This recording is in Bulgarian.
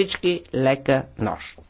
всички лека нощ!